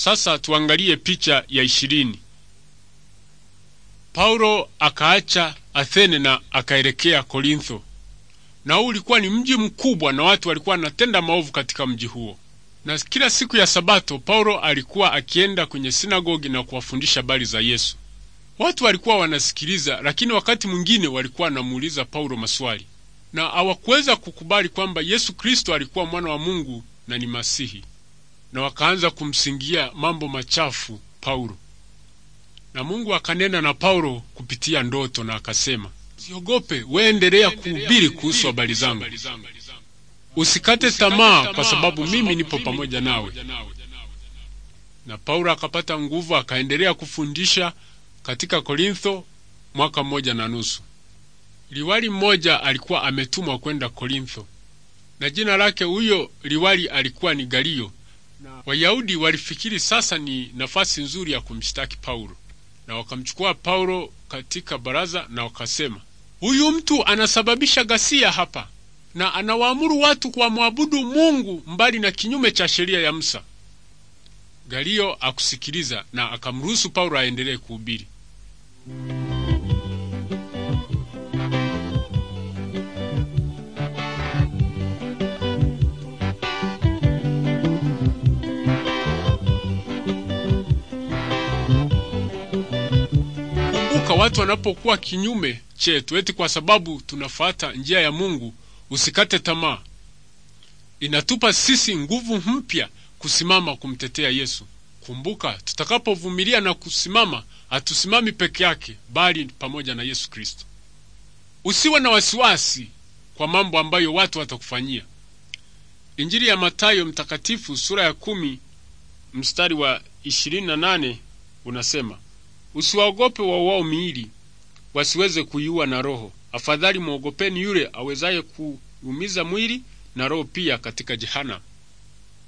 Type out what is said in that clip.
Sasa tuangalie picha ya ishirini. Paulo akaacha Athene na akaelekea Korintho. Na huu ulikuwa ni mji mkubwa, na watu walikuwa wanatenda maovu katika mji huo. Na kila siku ya Sabato Paulo alikuwa akienda kwenye sinagogi na kuwafundisha habari za Yesu. Watu walikuwa wanasikiliza, lakini wakati mwingine walikuwa wanamuuliza Paulo maswali, na hawakuweza kukubali kwamba Yesu Kristo alikuwa mwana wa Mungu na ni Masihi na wakaanza kumsingia mambo machafu Paulo. Na Mungu akanena na Paulo kupitia ndoto na akasema, usiogope, endelea kuhubiri kuhusu habari zangu, usikate tamaa, kwa sababu mimi nipo pamoja nawe. Na Paulo akapata nguvu, akaendelea kufundisha katika Korintho mwaka mmoja na nusu. Liwali mmoja alikuwa ametumwa kwenda Korintho, na jina lake huyo liwali alikuwa ni Galio. Wayahudi walifikiri sasa ni nafasi nzuri ya kumshtaki Paulo, na wakamchukua Paulo katika baraza na wakasema, huyu mtu anasababisha ghasia hapa na anawaamuru watu kuwamwabudu Mungu mbali na kinyume cha sheria ya Musa. Galio akusikiliza na akamruhusu Paulo aendelee kuhubiri. Kumbuka, watu wanapokuwa kinyume chetu, eti kwa sababu tunafuata njia ya Mungu, usikate tamaa. Inatupa sisi nguvu mpya kusimama kumtetea Yesu. Kumbuka, tutakapovumilia na kusimama, hatusimami peke yake, bali pamoja na Yesu Kristo. Usiwe na wasiwasi kwa mambo ambayo watu watakufanyia. Injili ya Matayo Mtakatifu sura ya kumi mstari wa 28 unasema Usiwaogope wauao miili, wasiweze kuiua na roho; afadhali mwogopeni yule awezaye kuumiza mwili na roho pia katika jehanamu.